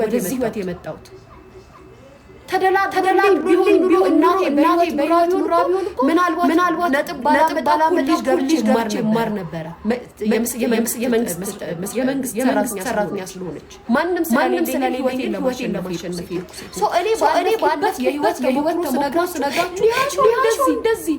ወደዚህ ህይወት የመጣሁት ተደላቢሆን ብሎ እናቴ በህይወት ኑራ ቢሆን ምናልባት ነጥብ ባላመጣኩልሽ ገብቼ ማር ነበረ። የመንግስት ሰራተኛ ስለሆነች ማንም ስለሌለ ህይወቴን ለማሸነፍ እኔ ባለበት የህይወት ተሞክሮ ስነግራችሁ እንደዚህ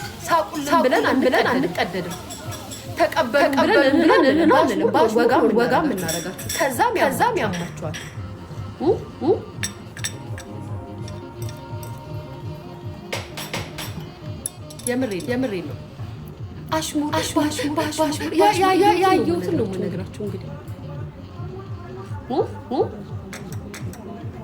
ሳቁልን ብለን አንቀደድም። ተቀበልን ብለን እንለዋለን። ወጋም ወጋም እናደርጋችሁ። ከዛም ከዛም ያማችኋል። የምሬ ነው። አሽሙር ያየሁትን ነው የምነግራችሁ እንግዲህ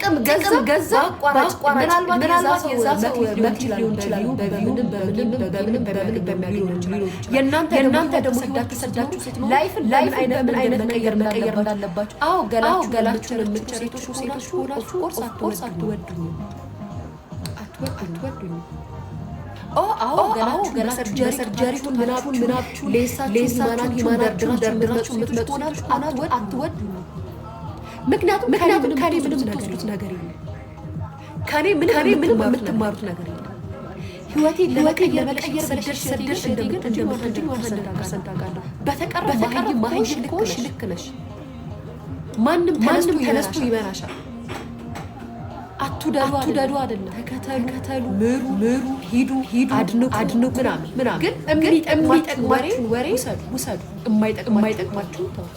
ጥቅም ጥቅም ገዛ ምናልባት የዛ ሰው መክሊት ሊሆን ይችላል። በምንም በምንም በምንም በምንም በሚያገኘው ይችላል። የእናንተ የእናንተ ደግሞ ሰዳችሁ ሰዳችሁ ስትኖር ላይፍን ላይፍ አይነት ምን አይነት መቀየር መቀየር እንዳለባችሁ አዎ ገላችሁ ገላችሁን የምትችሉ ሴቶች ሴቶች ሆናችሁ ቁርስ ቁርስ አትወዱኝም አትወዱኝም አዎ ገላችሁ ገላችሁ ሰርጀሪቱን ምናችሁን ምናችሁን ሌሳችሁን ሂማናችሁን ሂማናችሁን ደርድራችሁ የምትመጡ ሆናችሁ አትወዱኝም ምክንያቱም ከኔ ምንም ትወስዱት ነገር የለም። ከኔ ምንም የምትማሩት ነገር የለም። ህይወቴ ለመቀየር በለሽ ስደርሽ ስደርሽ እንደምትወጂኝ አስረዳለሁ። በተቀረ ማህይም ልክሽ ልክ ነሽ። ማንም ማንም ተነስቶ ይመራሻል። አትውደዱ አይደለም ተከተሉ፣ ከተሉ፣ ምሩ ምሩ፣ ሂዱ ሂዱ፣ አድንቁ አድንቁ፣ ምናምን ምናምን። ግን የሚጠቅማችሁን ወሬ ውሰዱ ውሰዱ፣ የማይጠቅማችሁን ተውት።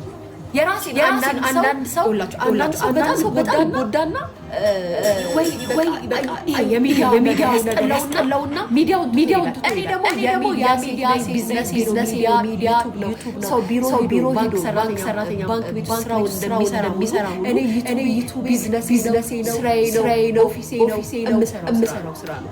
የራሴ አንዳንድ ሰው አንዳንድ ሰው በጣም በጣም ጎዳና ወይ ወይ በቃ የሚዲያው ያስጠላውና ሚዲያው ሚዲያው እኔ ደግሞ ደግሞ የሚዲያ ቢዝነስ ቢዝነስ የሚዲያ ሰው ቢሮ ቢሮ ባንክ ሰራተኛ ባንክ ቤት ስራው እንደሚሰራ የሚሰራ እኔ ዩቱብ ቢዝነስ ቢዝነስ ነው ስራዬ ነው ኦፊሴ ነው የምሰራው ስራ ነው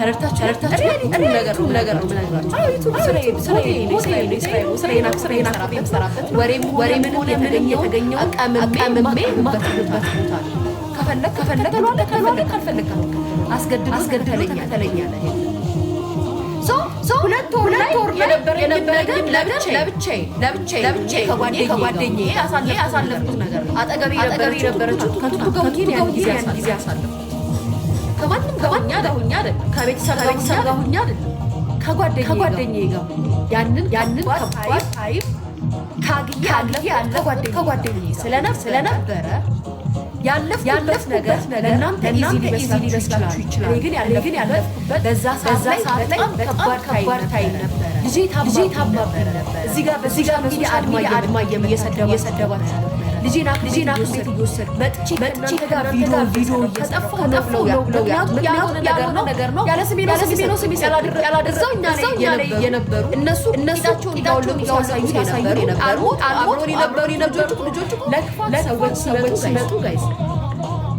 ተረድታችሁ ነገሩ ነገር ነው የምነግራችሁ። ወሬ ምን ሆነ ምን የተገኘው አቃምሜ ከፈለግ ከፈለግ ካልፈለግ ካልፈለግ አስገድደኝ ሁለት ወር የነበረኝ ከጓደኛዬ አሳለፍኩት ነገር አጠገቤ የነበረችው ከቱቱ ጊዜ አሳለፍኩት ከማንም ጋር አይደለም፣ ከቤተሰብ ጋር ያንን ያንን ከባድ ታይም ካግዬ ከጓደኛዬ ስለነበረ ያለፍኩበት ነገር ለእናንተ ኢዚ ሊመስላችሁ ይችላል። ግን ያለፍኩበት በዛ ሰዓት በጣም ከባድ ታይም ልጄ ነበረ። እዚህ ጋር በዚህ ጋር ሚዲያ አድማ እየሰደባችሁ ልጄና ልጄና ቤት እየወሰድ መጥቼ ከእናንተ ጋር ቪዲዮ ቪዲዮ ከጠፋ ከጠፋ ነው ብለው ምክንያቱም ያልሆነ ነገር ነው ያለ ስሜ ነው ስሜ ነው ስሜ እዛው እኛ ላይ የነበሩ እነሱ እነሱቸውን ዳውሎግ ያሳዩ የነበሩ አብሮን የነበሩ የነበሩ ልጆቹ ለክፋት ሰዎች ሰዎች ሲመጡ ጋይስ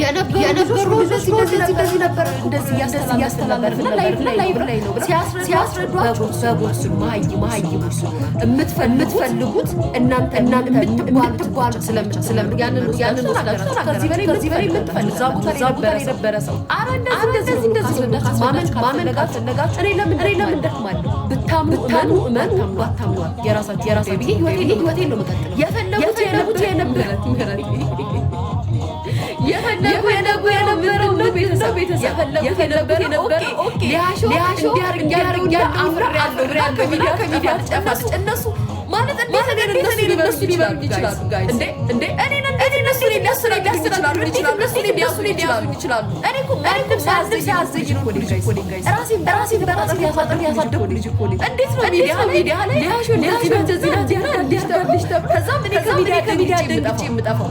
የነበሩ እንደዚህ እንደዚህ የምትፈልጉት እናንተ የምትባሉት ብታምኑ እመን ባታምኑ የራሳችሁ የራሳችሁ ብዬ ነው የፈለጉት የነበረ የፈለጉ የነበረው ቤተሰብ የፈለጉት የነበረው ሊያሾ እንዲያርግ ያለው አፍሬያለሁ ከሚዲያ ከሚዲያ ጨፋስ ጨነሱ ማለት እንዴት እኔን እነሱ ሊበሉኝ ይችላሉ? እንዴ እንዴ እኔን እነሱ ሊያስተናግዱኝ ይችላሉ? እንዴት እነሱ ሊያሱኝ ይችላሉ? እኔ እኮ ማንም ሳያዘኝ ነው እኮ ራሴን በራሴን በራሴን ያሳደግኩ ያሳደግኩ ልጅ እኮ እንዴት ነው ሚዲያ ሚዲያ ላይ ሊያሾ እንደዚህ በዚህ እንደዚህ ያዳልሽ ተብሎ ከዛም እኔ ከሚዲያ ደንግጬ የምጠፋው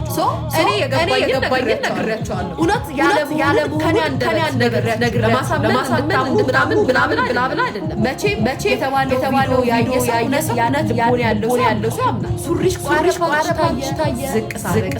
እኔ የገባኝን ነግሬያቸዋለሁ። እውነት ያለመሆኑን ለማሳመን ምናምን ምናምን ምናምን አይደለም። መቼ የተባለው ያየ ሰው እውነት ልቦና ያለው ሰው ያምናል። ሱሪሽ ቋረሽ ቋረሽ ታየ ዝቅ ሳረግ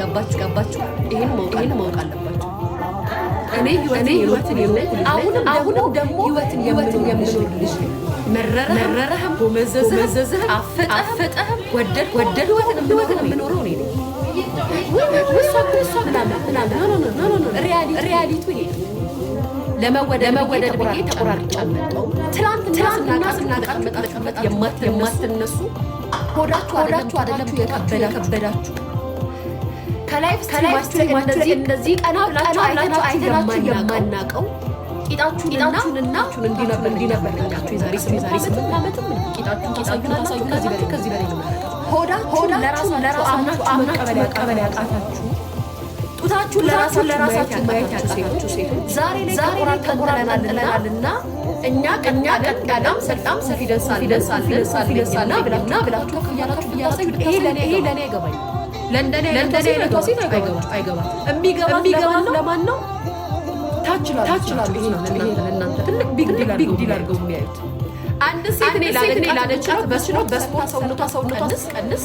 ገባችሁ ገባችሁ? ይሄን ማወቅ አለባችሁ። እኔ ህይወትን አሁንም ደግሞ ህይወትን የምንወድ ልጅ መረረህም መዘዘህም አፈጠህም ወደድ ወደድ ህይወትን የምኖረው እኔ ነው። ሪያሊቱ ለመወደድ ብዬ ተቆራርጫለሁ። ትናንትና ስናቀመጣ የማትነሱ ሆዳችሁ አይደለም የከበዳችሁ ከላይፍ ከላይፍ እንደዚህ ቀና ቀና አይተናችሁ የማናቀው ቂጣችሁንና እንዲነበር ያላችሁ የዛሬ ስምንት ዓመትም ቂጣችሁን ታሳዩናላችሁ። ከዚህ በላይ ከዚህ በላይ ሆዳችሁን ለራሳችሁ አምናችሁ መቀበል ያቃታችሁ ጡታችሁን ለራሳችሁ ማየት ያቃታችሁ ሴቶች ዛሬ ላይ ተቆራርጠን ጥለናልና እኛ ቀኛ ቀጣዳም ሰልጣም ሰፊ ደሳል ደሳል ደሳል ደንሳል ብላችሁ ብላችሁ እያላችሁ ብያሳዩ ይሄ ለእኔ ይገባኛል። ለእንደኔ አይነት ሴት አይገባም። የሚገባት ለማን ነው? ታች ላሉ ትልቅ ቢግ ዲል አድርገው የሚያዩት አንድ ሴት እኔ ላለቃት በስፖርት ሰውነቷ ሰውነቷ ስቀንስ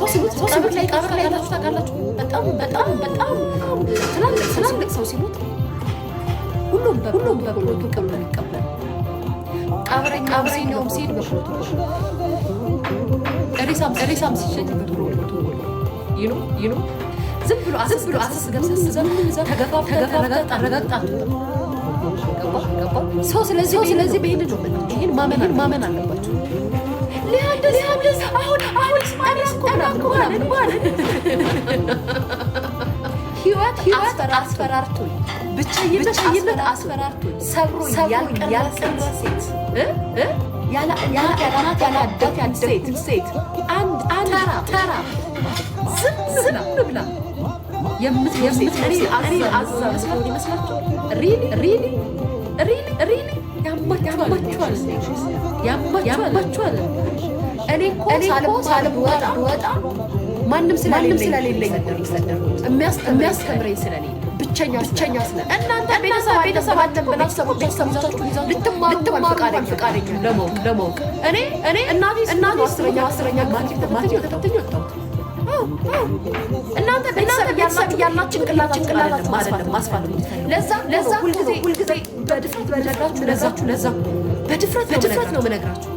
ቀብር ላይ ሄዳችሁ ታውቃላችሁ? በጣም በጣም በጣም ትላልቅ ሰው ሲሞት ሁሉም ሁሉም በብሎቱ ቀብር ይቀበል። ቀብረኛ ቀብረኛውም ሲሄድ በብሎቱ ሬሳም ሬሳም ሲሸጥ በብሎቱ ይኑ ይኑ ዝም ብሎ አስስ ብሎ አስስ ገብሰስ ተገፋ ተረጋግጣ ረጋግጣ ሰው ስለዚህ ስለዚህ በሄድ ነው። ይህን ማመን ማመን አለባቸው። ሊያንደስ ሊያንደስ አሁን ባልን ባልን ህይወት ህይወት አስፈራርቶኝ ብቸኝነት አስፈራርቶኝ ሰብሮ ያልቀረ ሴት ያለ አባት ያለ ሴት አንድ ተራ ተራ ዝም ብላ የምትገዛ ማንም ስለሌለኝ የሚያስተምረኝ ስለሌለኝ ብቸኛ ብቸኛ ስለ እናንተ ቤተሰብ ለማወቅ ለማወቅ እኔ እኔ እናቴ እናቴ አስረኛ አስረኛ ማትሪክ ተፈትኝ እናንተ ቤተሰብ ጭንቅላት ማስፋት ለዛ ለዛ ሁልጊዜ ሁልጊዜ በድፍረት በነግራችሁ ለዛችሁ ለዛ በድፍረት በድፍረት ነው የምነግራችሁ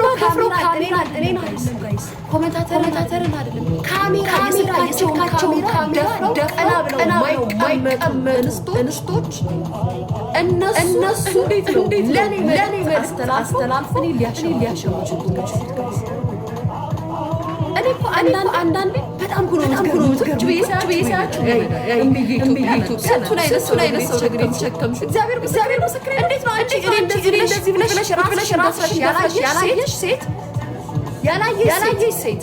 ከፍሎ ከፍሎ ካሜራ እኔን አይደለም ጋይስ ኮሜንታተርን አይደለም ካሜራ የስልካቸውን ካሜራ ደቀና ብለው የማይቀመጡ እንስቶች እነሱ እንዴት ነው ለእኔ መልዕክት አስተላልፎ እኔ ሊያሸማቸው እኔ እኮ አንዳንዴ በጣም በጣም ቁጭ ብዬ ሳያችሁ ያላየሽ ሴት ያላየሽ ሴት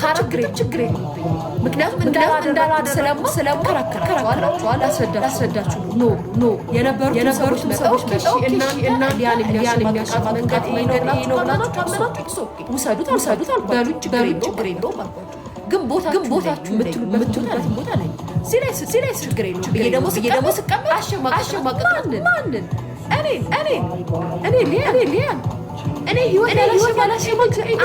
ካረግሬ ችግር የለብኝም። ምክንያቱም እንዳላደረግ ስለማከራከራቸዋል ያስረዳችሁ ኖ ኖ የነበሩትን ሰዎች ነው ውሰዱት አልኳቸው። ግን ቦታችሁ የምትሉበት ቦታ ነኝ ሲላይስ ችግር የለውም እኔ እኔ እኔ ሊያን እኔ ህይወት አንድ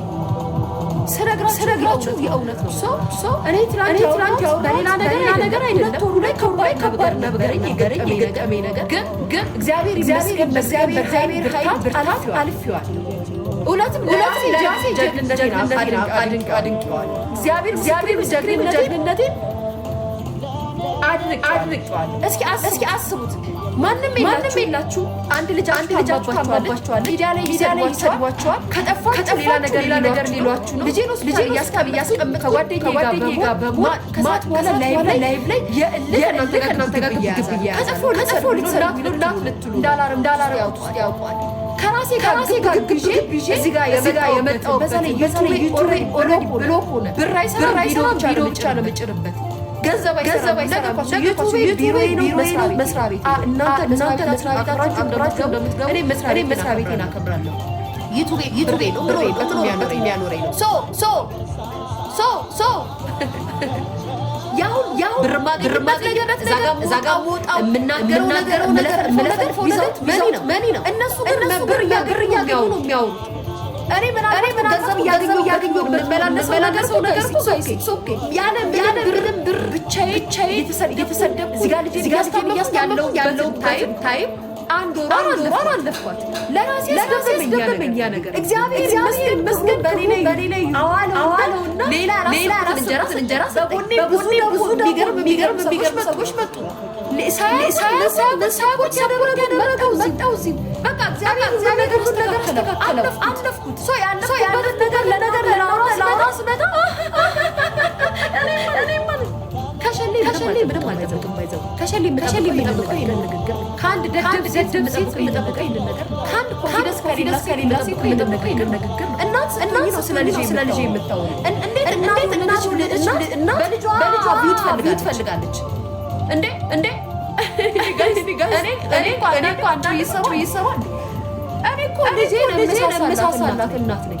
ስነግራችሁ የእውነት ነው። ሰው ሰው እኔ ትናንት በሌላ ነገር አይደለም። ላይ ከባድ ከባድ ነገር ይገረኝ የገጠመኝ ነገር ግን ግን እግዚአብሔር ይመስገን በእግዚአብሔር ኃይል ብርታት አልፌዋለሁ። እውነትም እውነትም ለራሴ ጀግንነቴን አድንቄዋለሁ። እግዚአብሔር ጀግንነቴን አድንቄዋለሁ። እስኪ አስቡት ማንም የላችሁ። አንድ ልጅ አንድ ልጅ ታማባችኋለች። ሚዲያ ላይ ይሰድቧቸዋል። ከጠፋ ሌላ ነገር ሌላ ነገር ሊሏችሁ ነው። ልጅ ወስድ ልጄ እያስቀብ እያስቀምጥ ከጓደኛዬ ጋር በመሆን ከዛት በኋላ ላይቭ ላይ የእልህ ከእናንተ ጋር ግብግብ እያያዘ ከጥፎ ለጥፎ ልትሰራ ልትሉ እንዳላርም እንዳላርም ያውቋል ከራሴ ጋር ግብግብ ይዤ እዚህ ጋር የመጣሁበት ላይ ሆነ። ብር አይሰራም ቪዲዮ ብቻ ነው የምጭርበት ገንዘብ አይሰራም። ቢሮዬ ነው የምናገረው ነገር ነው። እነሱ እኔ ገንዘብ አንድ ወር አለፍኳት። ለራሴ ያስደብረኝ ያ ነገር እግዚአብሔር ይመስገን በእኔ ላይ አዋለውና ሌላ ራስ እንጀራ ሰጠኝ። በጎኔ ብዙ የሚገርም ሰዎች መጡ። ለሳቆች ያደረገን መጣው እዚህ በቃ እግዚአብሔር ነገር አስተካከለ። አለፍኩት ሰው ያለፍኩበት ነገር ለነገር ለአውራ ለአውራ ስመጣ ከሸሌ ምንም አልጠብቅም። ባይዘው ከሸሌ የምጠብቀው ይሄንን ንግግር ነገር ከአንድ ኮንፊደንስ ከሌላ ሴት የምጠብቀው ይሄንን ስለ ልጅ ስለ ልጅ እንዴት እናት እናት ልጅ እንዴ እንዴ እኔ እኮ እናት ነኝ።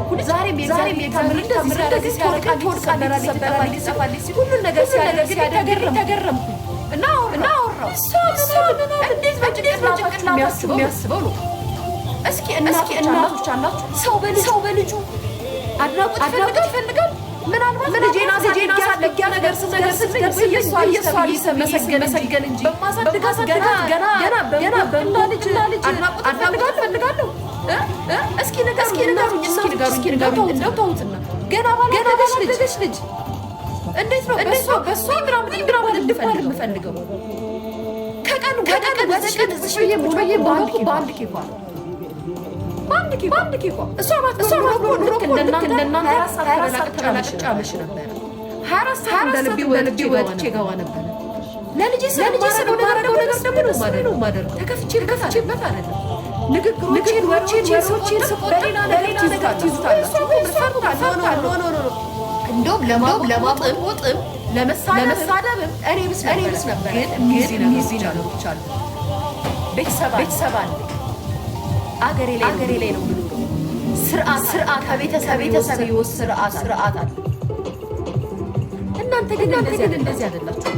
እየፈለግኩ ዛሬም ዛሬም ሁሉን ነገር ሲያደርግ ተገረምኩ እና አወራሁ። እንዴት በጭንቅላት የሚያስበው ነው? እስኪ እናቶች አላችሁ፣ ሰው በልጁ አድናቆት ይፈልጋል። ምናልባት ልጄን አሳድጊያ ነገር መሰገን እንጂ በማሳድጋት ገና ገና በእንዳ ልጅ አድናቆት እፈልጋለሁ እስኪ ንገሩኝ፣ እስኪ ገና ልጅ እንዴት ነው በእሷ በእሷ ግራም እንድፈልግ የምፈልገው? ከቀን ከቀኑ በዘቀን በአንድ ኬኳ በአንድ ኬኳ በአንድ ኬኳ እሷ ማለት እሷ ማለት ለልጄ ነው ንግግሮችን ወሮችን አገሬ ላይ ነው የምኖረው። ስርዓት ከቤተሰብ ስርዓት ስርዓት አለ። እናንተ ግን እንደዚህ አይደላችሁ።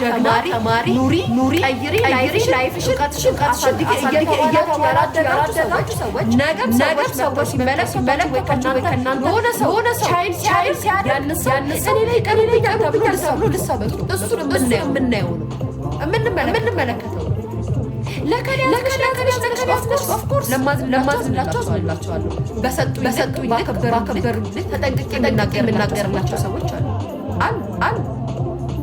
ጀግና ተማሪ ኑሪ ኑሪ ቀይሪ ላይፍሽን እውቀትሽን እያያችሁ ያላደጋችሁ ሰዎች ነገም ሰዎች መጥተው ሲመለከቷችሁ ወይ ከእናንተ የሆነ ሰው ቻይል ቻይል ሲያደርግ ያንስ እኔ ላይ ይቀርብኛል ተብሎ ልትሰበቱ እሱን የምናየው ነው የምንመለከተው ለማዝንላቸው አዝንላቸዋለሁ። በሰጡኝ ልክ ተጠንቅቄ የምናገርላቸው ሰዎች አሉ አሉ።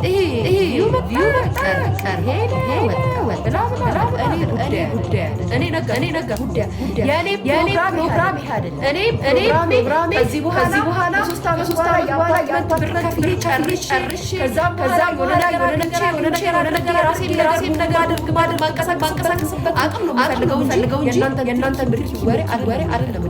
ነገር አድርግ ማድረግ ማንቀሳቀስ አቅም ነው የምፈልገው እንጂ የእናንተን ብርኪ ወሬ አልወሬ አልለምድ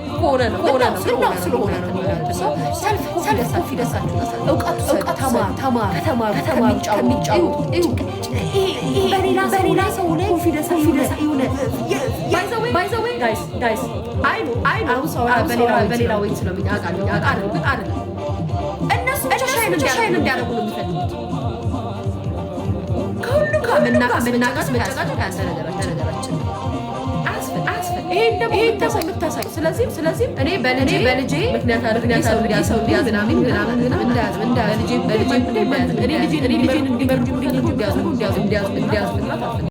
ከሆነ ነው ነው ስለሆነ ነው የሚመልሰው። ሰልፍ ሰልፍ ይደሳችሁ እውቀቱ በሌላ ሰው ላይ ኮንፊደንስ የሆነ በሌላ ወይ እነሱ ሻይን እንዲያደርጉ ነው የሚፈልጉት። ከሁሉም ከምናቀስ መጨቃጨቅ ያንሰነደረችን ይሄን ደግሞ የምታሳይ ስለዚህ ስለዚህ እኔ በልጄ በልጄ ምክንያት አድርጌ ሰው እንዲያዝ ምናምን ምናምን እንዳያዝ እንዳያዝ በልጄ በልጄ እኔ ልጄን እንዲመርዱ እንዲያዝ እንዲያዝ እንዲያዝ እንዲያዝ